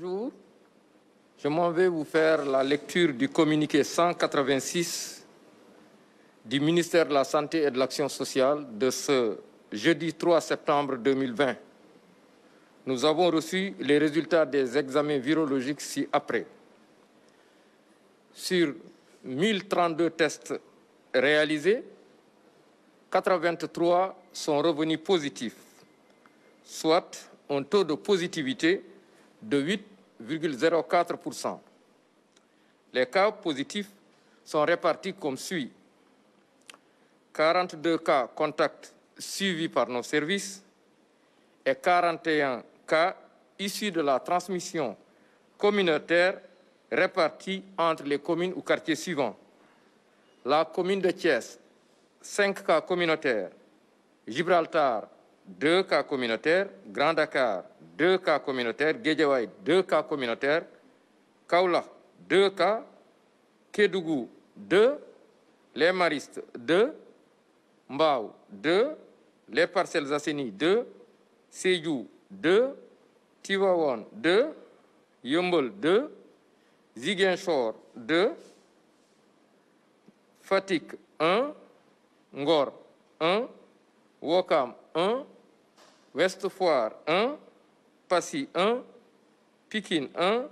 Bonjour, je m'en vais vous faire la lecture du communiqué 186 du ministère de la Santé et de l'Action sociale de ce jeudi 3 septembre 2020. Nous avons reçu les résultats des examens virologiques ci-après. Sur 1032 tests réalisés, 83 sont revenus positifs, soit un taux de positivité de 8,04%. Les cas positifs sont répartis comme suit. 42 cas contacts suivis par nos services et 41 cas issus de la transmission communautaire répartis entre les communes ou quartiers suivants. La commune de Thiès, 5 cas communautaires. Gibraltar, 2 cas communautaires. Grand Dakar, 2 cas communautaires, Géjewaï, 2 cas communautaires, Kaula, 2 cas, Kedougou 2, Les Maristes, 2, Mbao, 2, Les Parcelles Zassini, 2, Seyou, 2, Tiwawon, 2, 2, Ziguinchor 2, Fatik, 1, Ngor, 1, Wokam, 1, Westfire, 1, Passy 1, Pikine 1,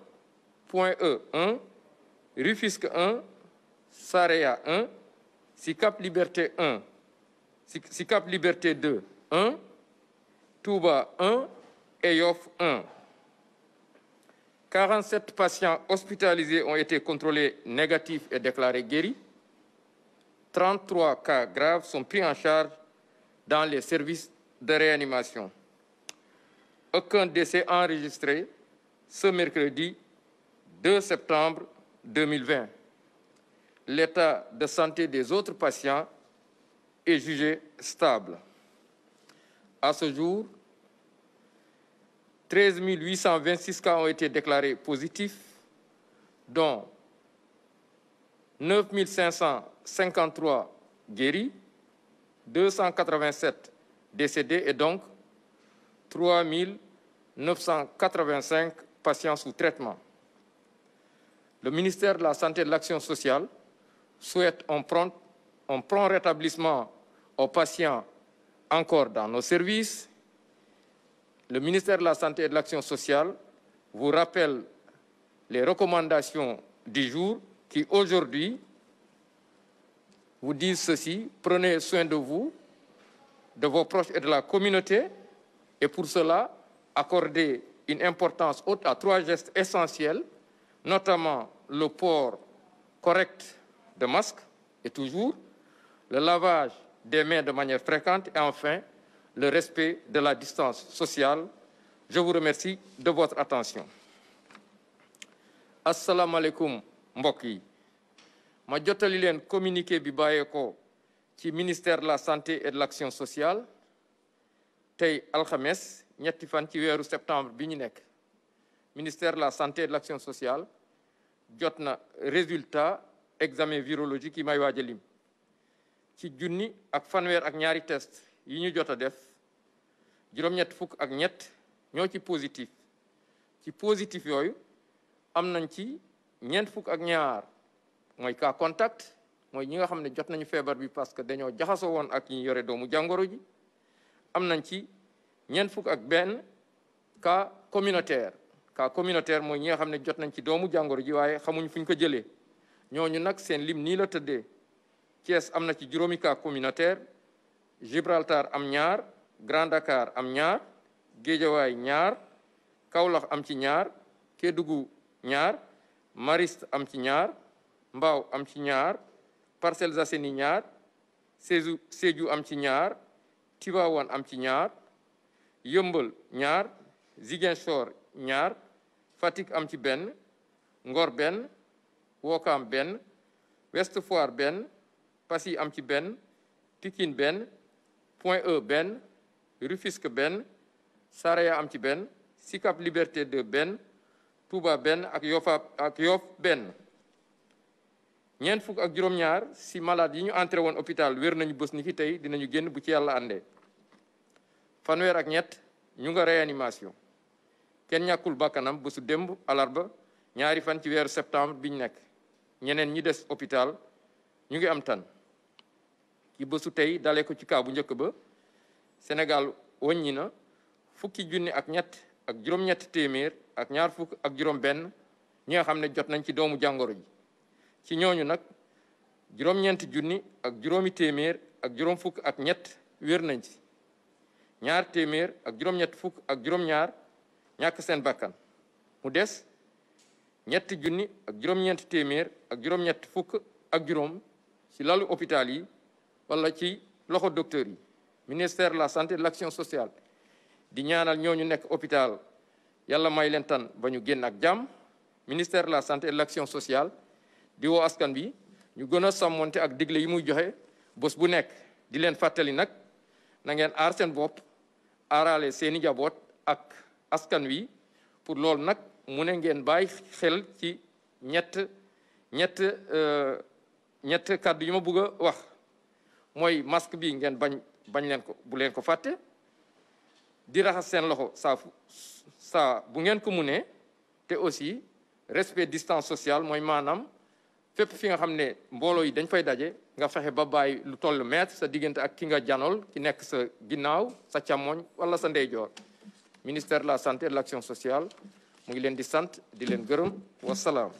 Point E 1, Rufisque 1, Sarea 1, SICAP Liberté 1, SICAP Liberté 2, 1, Touba 1 et 1. 47 patients hospitalisés ont été contrôlés négatifs et déclarés guéris. 33 cas graves sont pris en charge dans les services de réanimation aucun décès enregistré ce mercredi 2 septembre 2020. L'état de santé des autres patients est jugé stable. À ce jour, 13 826 cas ont été déclarés positifs, dont 9 553 guéris, 287 décédés et donc 3 000 985 patients sous traitement. Le ministère de la Santé et de l'Action sociale souhaite un prendre rétablissement aux patients encore dans nos services. Le ministère de la Santé et de l'Action sociale vous rappelle les recommandations du jour qui aujourd'hui vous disent ceci, prenez soin de vous, de vos proches et de la communauté, et pour cela, accordé une importance haute à trois gestes essentiels, notamment le port correct de masque et toujours, le lavage des mains de manière fréquente et enfin le respect de la distance sociale. Je vous remercie de votre attention. Assalamu alaikum Mboki. ma communiqué bi qui ci ministère de la santé et de l'action sociale tey ñetti fan ci wéru septembre bi ñu ministère de la santé et de l'action sociale jot na résultat examen virologique yi may waaj lim ci junni ak fanweer ak ñaari test yi ñu jot a def juróom-ñett fukk ak ñett ñoo positif ci positif yooyu am nañ ci ñeent fukk ak ñaar mooy cas contact mooy ñi nga xam ne jot nañu feebar bi parce que dañoo jaxasoo woon ak ñi yore doomu jàngoro ji am ci ñeent fukk ak benn cas communautaire ka communautaire mooy ñi nga xam ne jot nañ ci doomu jàngoro ji waaye xamuñ fu ñu ko jëlee ñooñu nag seen lim nii la tëddee Thiès am na ci juróomi cas communautaire Gibraltar am ñaar Grand Dakar am ñaar Géejawaay ñaar Kaolack am ci ñaar Kédougou ñaar Mariste am ci ñaar Mbao am ci ñaar Parcelles Assainies ñaar Sédhiou Sédhiou am ci ñaar Tivaouane am ci ñaar yëmbal ñaar Ziguinchor ñaar fatik am ci ben Ngor ben, Wokam ben, west Foire ben pasi am ci ben, Pikine ben Point E ben, Rufisque ben, Saraya am ci ben sikap Liberté de ben Touba ben ak Yofa ak yof ben ñen fuk ak juroom ñaar si malade yi ñu entré won hôpital wër nañu bëss ni ki tay dinañu genn bu ci yalla andé fanweer ak ñett ñu nga réanimation kenn ñàkkul bakkanam bésu démb alarba ñaari fan ci weeru septembre bi ñu nekk ñeneen ñi des hôpital ñu ngi am tan ki bësu tey dale ko ci kaw bu njëkk ba Sénégal wàññi na fukki junni ak ñett ak juróom-ñett téeméer ak ñaar fukk ak juróom-benn ñi nga xam ne jot nañ ci doomu jàngoro ji ci ñooñu nag juróom-ñeenti junni ak juróomi téeméer ak juróom fukk ak ñett wér nañ ci ñaar témèr ak juroom ñett fukk ak juroom ñaar ñàkk seen bakkan mu des ñett junni ak juroom agrom témèr ak juroom ñett fukk ak juroom ci lalu hôpital yi wala ci loxo docteur yi ministère de la santé et de l'action sociale di ñaanal ñooñu nekk hôpital yàlla may leen tan ba ñu génn ak jàmm ministère de la santé de l'action sociale di woo askan bi ñu gën a sàmmonte ak digle yi muy joxe bés bu nekk di leen fàttali nag na ngeen aar seen bopp aarale seeni jaboot ak askan wi pour loolu nag mu ne ngeen bàyyi xel ci ñett ñett euh, ñett kàddu yu ma bëgg a wax mooy masque bi ngeen bañ bañ leen ko bu leen ko fàtte di raxas seen loxo saa fu saa bu ngeen ko munee te aussi respect distance sociale mooy maanaam fépp fi nga xam ne mbooloo yi dañ fay daje nga fexe ba bàyyi lu toll mètre sa diggante ak ki nga janool ki nekk sa ginnaaw sa càmmoñ wala sa ndeyjoor ministère de la santé de l'action sociale mu ngi leen di sant di leen gërëm wasalaam